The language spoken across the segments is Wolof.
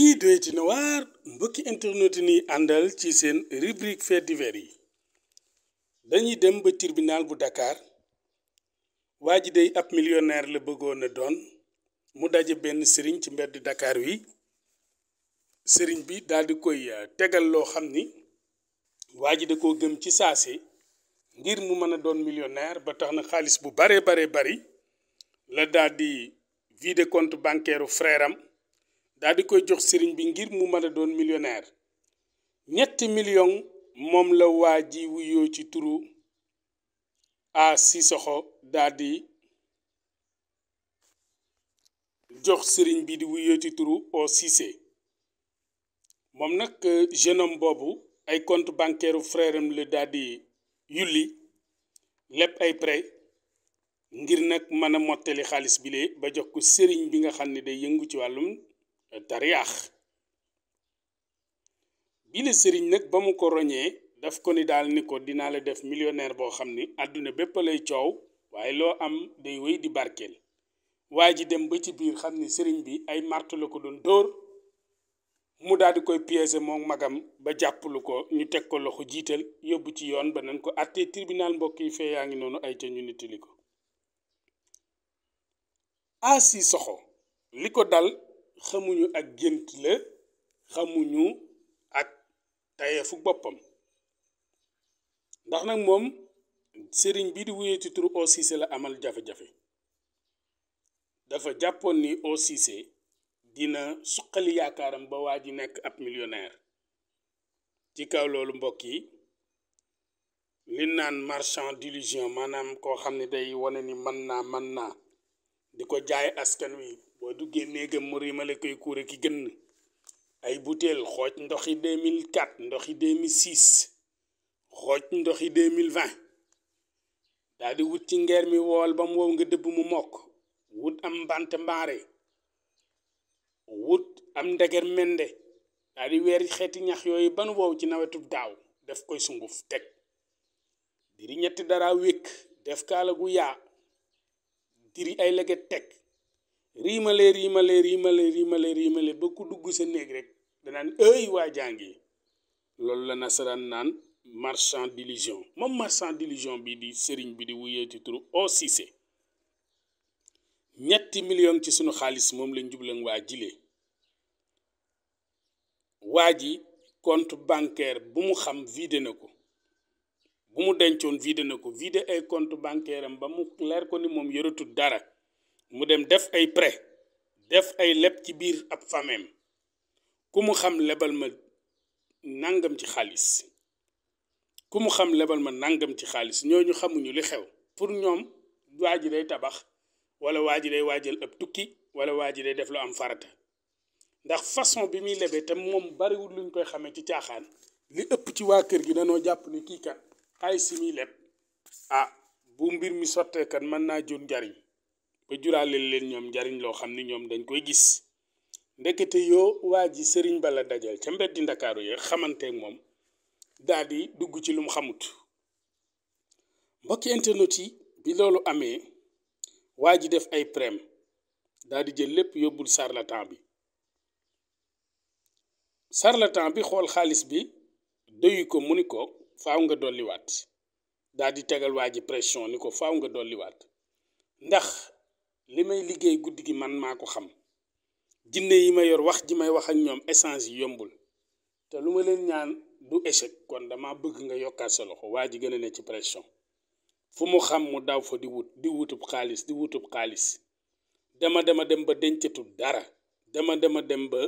kii doyati na waar mbokki internet yi àndal ci seen rubrique faits yi dañuy dem ba tirbinaal bu Dakar waa ji day ab millionnaire la bëggoon a doon mu daje benn sëriñ ci mbedd dakaar wi sëriñ bi daal di koy euh, tegal loo xam ni waa ji da koo gëm ci saase ngir mu mën a doon millionnaire ba tax na xaalis bu bare bare bari la daldi di vider compte bancaire frère daal di koy jox sëriñ bi ngir mu mën a doon millionnaire ñetti million moom la waa ji wuyoo ci turu a Sissoko daal di jox sëriñ bi di wuyoo ci turu o Cissé moom nag euh, jeune boobu ay compte bancaire u frère am la daal yulli lépp ay prêt ngir nag mën a mottali xaalis bi ba jox ko sëriñ bi nga xam ne day yëngu ci wàllum tariyaax bi la sëriñ nag ba mu ko roñee daf ko ni daal ni ko dinaa la def millionaire boo xam ne àdduna bépp lay coow waaye loo am day wéy di barkeel waa ji dem ba ci biir xam ne sëriñ bi ay martu la ko doon dóor mu daal koy piéger moom magam ba jàppalu ko ñu teg ko loxo jiital yóbbu ci yoon ba nañ ko àttee tribunal mbokk yi fee yaa ngi noonu ay ca ñu nittali ko Asi Soxo li ko dal xamuñu ak gént la xamuñu ak tayeefu boppam ndax nag moom sëriñ bi di wuyee ci turu O la amal jafe-jafe dafa jàppoon ni O dina suqali yaakaaram ba waa ji nekk ab millionaire ci kaw loolu mbokk yi li naan marchand d'illusion maanaam koo xam ne day wane ni mën naa mën naa di ko jaay askan wi boo duggee néegam mu rimale koy kuure ki gën ay butéel xooj ndoxi 2004 ndoxi 2006 xooj ndoxi 2020 daal di wut ci ngeer mi wool ba mu wow nga dëbb mu mokk wut am mbant mbaare wut am ndeger mende daal weer xeeti ñax yooyu ban wow ci nawetub daaw def koy sunguf teg diri ñetti dara wékk def kaala gu yaa diri ay lege teg riimale riimale riimale riimale riimale ba ku dugg sa néeg rek danaan ëy waa jàngi loolu la nasaraan naan marchand d'illusion moom marchand d'illusion bi di sëriñ bi di wuyeeti turu O Cissé ñetti million ci sunu xaalis moom lañ jublan waa jile waa ji compte bancaire bu mu xam vidé na ko bu mu dencoon vidé na ko vidé ay compte bancaire am ba mu leer ko ni moom yoratul dara mu dem def ay prêt def ay leb ci biir ab fameem ku mu xam lebal ma nangam ci xaalis ku mu xam lebal ma nangam ci xaalis ñooñu xamuñu li xew pour ñoom waa ji day tabax wala waa ji day waajal ab tukki wala waa day def lu am farata ndax façon bi muy lebee te moom bariwul luñ koy xamee ci caaxaan li ëpp ci waa kër gi danoo jàpp ni kii kat xaalis si muy leb ah bu mbir mi sottee kat mën naa jur njariñ ba juraale leen ñoom njariñ loo xam ni ñoom dañ koy gis ndekete yoo waa ji sëriñ bala dajal ca mbeddi ndakaaru ya xamanteeg moom daal di dugg ci lu mu xamut mbokki internet yi bi loolu amee waa ji def ay prem daal di jël lépp yóbbul charlatan bi charlatan bi xool xaalis bi doyu ko mu ni ko faaw nga dolliwaat daal di tegal waa ji pression ni ko faaw nga dolliwaat ndax li may liggéey guddi gi man maa ko xam jinne yi ma yor wax ji may wax ak ñoom essence yi yombul te lu ma leen ñaan du échec kon dama bëgg nga yokkaat sa loxo waa ji gën a ne ci pression fu mu xam mu daw fa di wut di wutub xaalis di wutub xaalis dama dama dem ba dencatul dara dama dama dem ba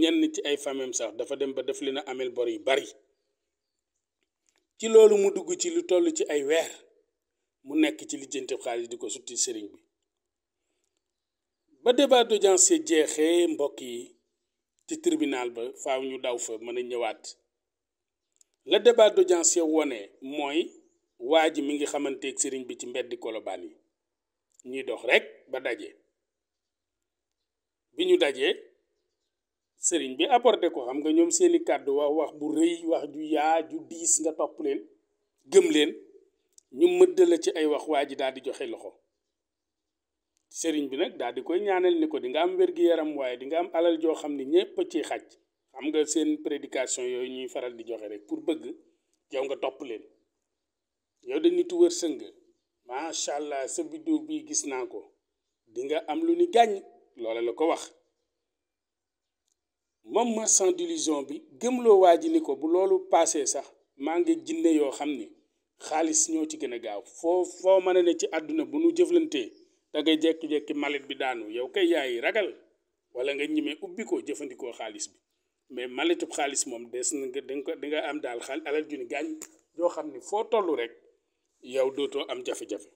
ñenn ci ay famem sax dafa dem ba def leen a amel bor yu bari ci loolu mu dugg ci lu toll ci ay weer mu nekk ci lijjanti xaalis di ko sutti sëriñ bi ba débat d'audience jeexee mbokk yi ci tribunal ba faaw ñu daw fa mën a ñëwaat la débat d'audience wone mooy waa ji mi ngi xamanteeg sëriñ bi ci mbeddi kolobaan yi ñuy dox rek ba daje bi ñu dajee sëriñ bi apporté ko xam nga ñoom seeni kàddu wax wax bu rëy wax ju yaa ju diis nga topp leen gëm leen ñu mëdd la ci ay wax waa ji daal di joxe loxo sëriñ bi nag daal di koy ñaanal ni ko di nga am wér-gi-yaram waaye di nga am alal joo xam ni ñépp ci xaj xam nga seen prédication yooyu ñuy faral di joxe rek pour bëgg yow nga topp leen yow da nitu wërsëg nga macha allah sa vidéo bii gis naa ko di nga am lu ni gàññ loola la ko wax moom ma sans délusion bi gëmloo waa ji ni ko bu loolu paasee sax maa ngi jinne yoo xam ni xaalis ñoo ci gën a gaaw foo foo mën a ne ci àdduna bu nu jëflantee da ngay jékki malet bi daanu yow kay yaay ragal wala nga ñime ubbi ko jëfandikoo xaalis bi mais maletub xaalis moom des na nga danga ko am daal xaal alal juni gaañ yoo xam ni foo tollu rek yow dootoo am jafe-jafe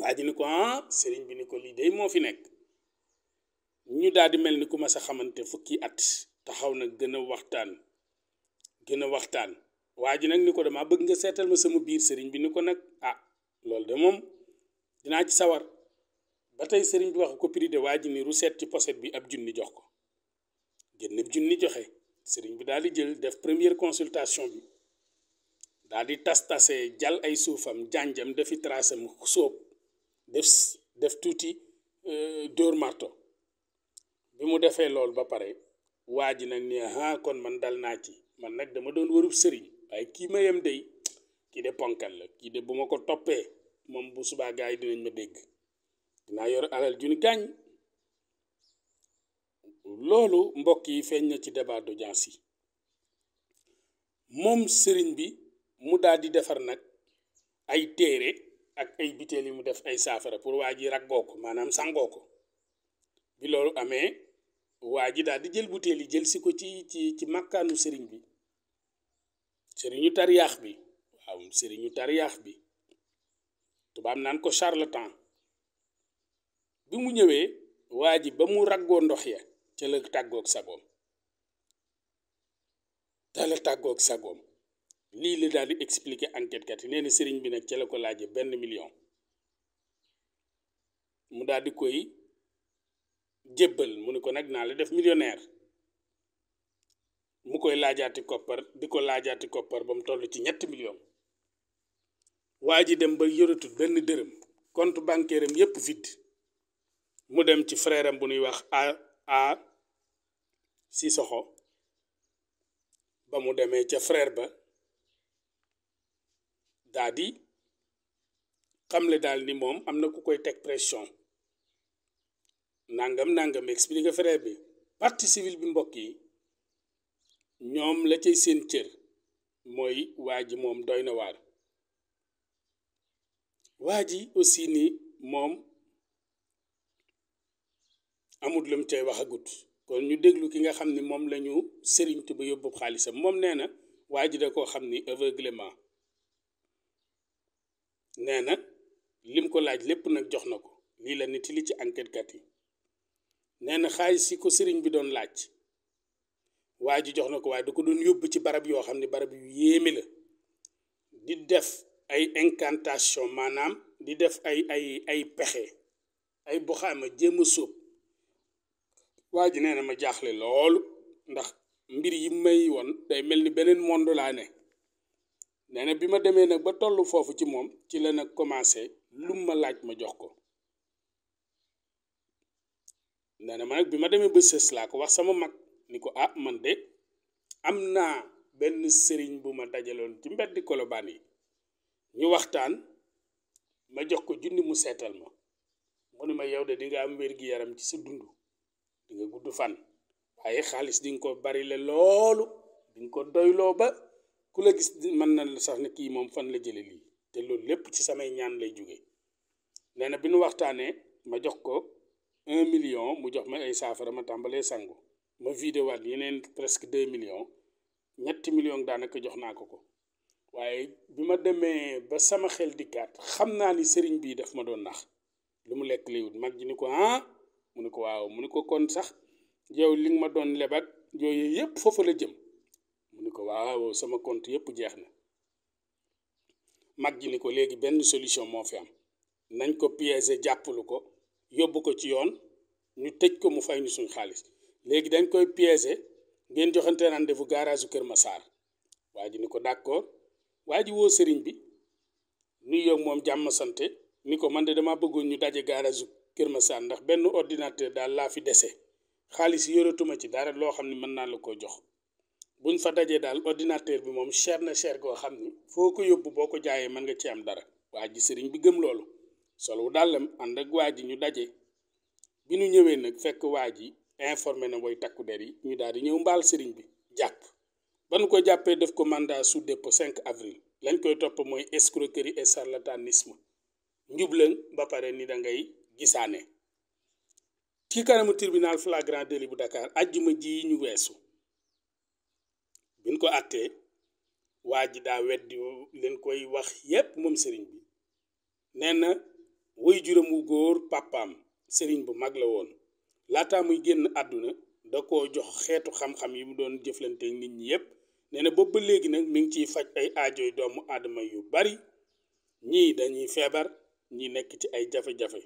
waa ni ko ah sëriñ bi ni ko lii day moo fi nekk ñu daal di mel ni ku ma sa xamante fukki at taxaw na gën a waxtaan gën a waxtaan waa ji nag ni ko damaa bëgg nga seetal ma sama biir sëriñ bi ni ko nag ah loolu de moom dinaa ci sawar ba tey sëriñ bi wax ko prix de waa ji ni ruset ci poset bi ab junni jox ko génn junni joxe sëriñ bi daal di jël def première consultation bi daal di tas tase jal ay suufam jànjam defi trasam sóob def def tuuti euh, dóor marto bi mu defee loolu ba pare waa ji nag ni ah kon man dal naa ci man nag dama doon wërub sëriñ waaye kii mayam day kii de ponkal la kii de bu ma ko toppee moom bu subaa gaa yi dinañ ma dégg dinaa yor alal ju ni gàññ loolu mbokk yi feeñ na ci débat d'audience yi moom sëriñ bi mu daldi defar nag ay téere ak ay biteel yi mu def ay saafara pour waa ji raggoo ko maanaam sangoo ko bi loolu amee waa ji daal di jël butéel yi jël si ko ci ci ci makkaanu sëriñ bi sëriñu tariyaax bi waaw sëriñu tariyaax bi tubaab naan ko temps bi mu ñëwee waa ji ba mu raggoo ndox ya ca la tàggoog sagoom ca la sagoom lii la daal di expliquer enquête kat yi sëriñ bi nag ca la ko laajee benn million mu daal di koy jébbal mu ne ko nag naa la def millionnaire mu koy laajaati koppar di ko laajaati koppar ba mu toll ci ñetti million waa ji dem ba yoratul benn dërëm compte bancaire am yépp vide mu dem ci freeram bu ñuy wax a a Sissoko ba mu demee ca freer ba daa xam xamle daal ni moom am na ku koy teg pression nangam nangam expliqué frère bi partie civile bi mbokk yi ñoom la cay seen cër mooy waa ji moom doy na waar waa ji aussi ni moom amut lu mu cay wax agut kon ñu déglu ki nga xam ni moom lañu ñu sëriñtu ba yóbbu xaalisam moom nee na waa ji da koo xam ni aveuglement nee na lim ko laaj lépp nag jox na ko lii la nit li ci enquête kat yi nee na xaalis si ko sëriñ bi doon laaj waa ji jox na ko waaye da ko doon yóbbu ci barab yoo xam ne barab yu yéeme la di def ay incantation maanaam di def ay ay ay pexe ay boxaama a a sóob waa ji nee na ma jaaxle loolu ndax mbir yi may woon day mel ni beneen monde laa ne nee bi ma demee nag ba toll foofu ci moom ci la nag commencé lum ma laaj ma jox ko nee na ma nag bi ma demee ba sës laa ko wax sama mag ni ko ah man de am naa benn sëriñ bu ma dajaloon ci mbeddi kolobaan yi ñu waxtaan ma jox ko junni mu seetal ma mu ne ma yow de di nga am wér-gi-yaram ci sa dund di nga gudd fan waaye xaalis di nga ko bari la loolu di nga ko doyloo ba ku la gis mën na la sax ne kii moom fan la jële lii te loolu lépp ci samay ñaan lay jóge nee na bi nu waxtaanee ma jox ko un million mu jox ma ay saafara ma tàmbalee sangu ma videowaat yeneen presque deux million ñetti million daanaka jox naa ko ko waaye bi ma demee ba sama xel dikkaat xam naa ni sëriñ bii daf ma doon nax lu mu lekk lay wut mag ji ni ko ah mu ne ko waaw mu ne ko kon sax yow li nga ma doon lebat yooyu yëpp foofu la jëm mu ne ko waaw sama compte yëpp jeex na mag ji ni ko léegi benn solution moo fi am nañ ko piéger jàppalu ko yóbbu ko ci yoon ñu tëj ko mu fay ñu suñ xaalis léegi dañ koy piéger ngeen joxante rendez-vous garage u Kër Massar waa ji ni ko d'accord waa ji woo sëriñ bi nuyu yoog moom jàmm sante ni ko man de dama bëggoon ñu daje garage Kër Massar ndax benn ordinateur daal laa fi dese xaalis yoratuma ci dara loo xam ne mën naa la ko jox buñ fa dajee daal ordinateur bi moom cher na cher goo xam ni foo ko yóbbu boo ko jaayee mën nga ci am dara waa ji sëriñ bi gëm loolu solo dàllam ànd ak waa ji ñu daje bi ñu ñëwee nag fekk waa ji informé na booy takku der yi ñu daal di ñëw mbaal sëriñ bi jàpp ba nu ko jàppee def ko mandat sous dépôt 5 avril lañ koy topp mooy escroquerie et charlatanisme njublëng ba pare ni dangay gisaane ci kanamu tribunal flagrant délit bu Dakar ajjuma ji ñu weesu biñ ko àttee waa ji daa weddi leen koy wax yépp moom sëriñ bi nee na woy juróom wu góor pàppam sëriñ bu mag la woon laata muy génn àdduna da ko jox xeetu xam-xam yi mu doon jëflante nit ñi yépp nee na boobu ba léegi nag mi ngi ciy faj ay aajoy doomu aadama yu bari ñii dañuy feebar ñi nekk ci ay jafe-jafe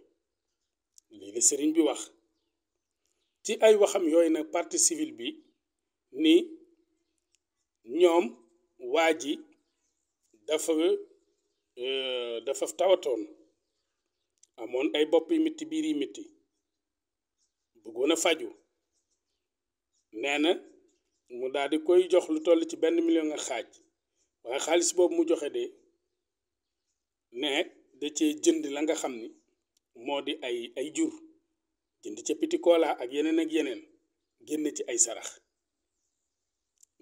lii la sëriñ bi wax ci ay waxam yooyu nag parti civile bi ni ñoom waa ji dafa euh, dafa tawatoon amoon ay bopp yu mitti biir yi mitti bëggoon a faju nee na mu daal di koy jox lu toll ci benn million nga xaaj waaye xaalis boobu mu joxe de ne da ce jënd la nga xam ni moo di ay ay jur jënd ca piti cola ak yeneen ak yeneen génn ci ay sarax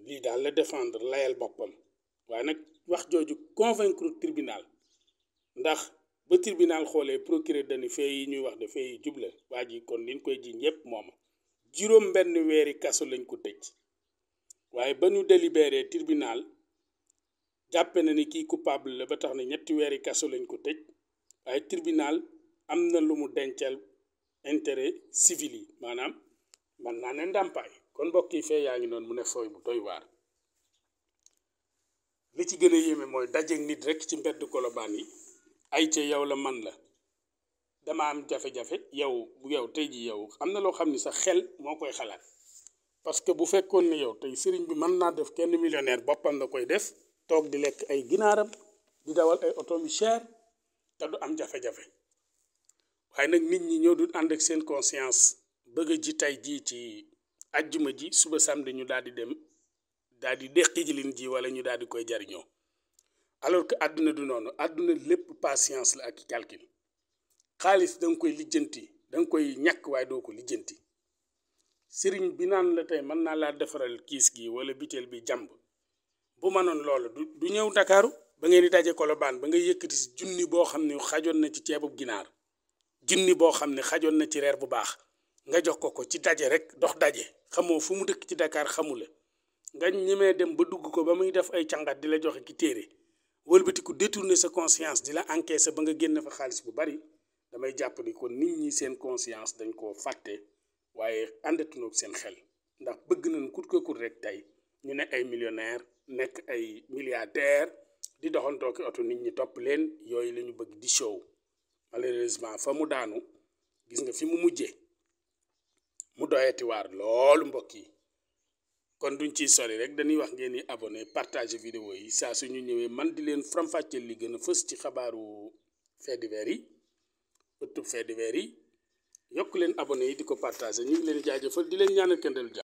lii daal la défendre layal boppam waaye nag wax jooju convaincre tribunal ndax ba tribunal xoolee procureur dani fee yi ñuy wax de fee yi jubla waa ji kon liñ koy ji ñëpp mooma juróom benn weeri kaso lañ ko tëj waaye ba ñu délibéré tribunal jàppe na ni kii coupable la ba tax na ñetti weeri kaso lañ ko tëj waaye tribunal am na lu mu denceel intérêt civil yi maanaam man naa ne ndàmpaay kon mbokk yi fee yaa ngi noonu mu ne fooy bu doy waar li ci gën a yéeme mooy dajeeg nit rekk ci mbedd kolobaan yi ay ci yow la man la dama am jafe-jafe yow bu yow tey ji yow am na loo xam ni sax xel moo koy xalaat parce que bu fekkoon ne yow tey sëriñ bi mën naa def kenn millionaire boppam la koy def toog di lekk ay ginaaram di dawal ay oto yu cher te du am jafe-jafe waaye nag nit ñi ñoo du ànd ak seen conscience bëgg ji tey jii ci ajjuma ji suba samedi ñu daal di dem daal di deqi ji lin wala ñu daal di koy jariñoo alors que àdduna du noonu àdduna lépp patience la ak calcul xaalis da koy lijjanti da koy ñàkk waaye doo ko lijjanti sëriñ bi naan la tey mën naa laa defaral kiis gi wala biteel bi jàmb bu manoon loolu du du ñëw ndakaaru ba ngeen di daje kolobaan ba nga yëkkati si junni boo xam ne xajoon na ci ceebub ginaar junni boo xam ne xajoon na ci reer bu baax nga jox ko ko ci daje rek dox daje xamoo fu mu dëkk ci Dakar xamula nga ñemee dem ba dugg ko ba muy def ay càngat di la joxe ki téere wëlbatiku détourner sa conscience di la encaisser ba nga génn fa xaalis bu bari damay jàpp ni kon nit ñi seen conscience dañ koo fàtte waaye àndatunoog seen xel ndax bëgg nañ kut ko rek tey ñu ne ay millionnaire nekk ay milliardaire di doxantoo oto nit ñi topp leen yooyu lañu bëgg di show malheureusement fa mu daanu gis nga fi mu mujje mu doyati waar loolu mbokk yi kon duñ ci sori rek dañuy wax ngeen ni abonné partage vidéo yi saa suñu ñëwee man di leen faram fàccee li gën a fës ci xabaaru faits yi ëttub faits yi yokk leen abonné yi di ko partager ñu ngi leen jaajëfal di leen ñaanal këndal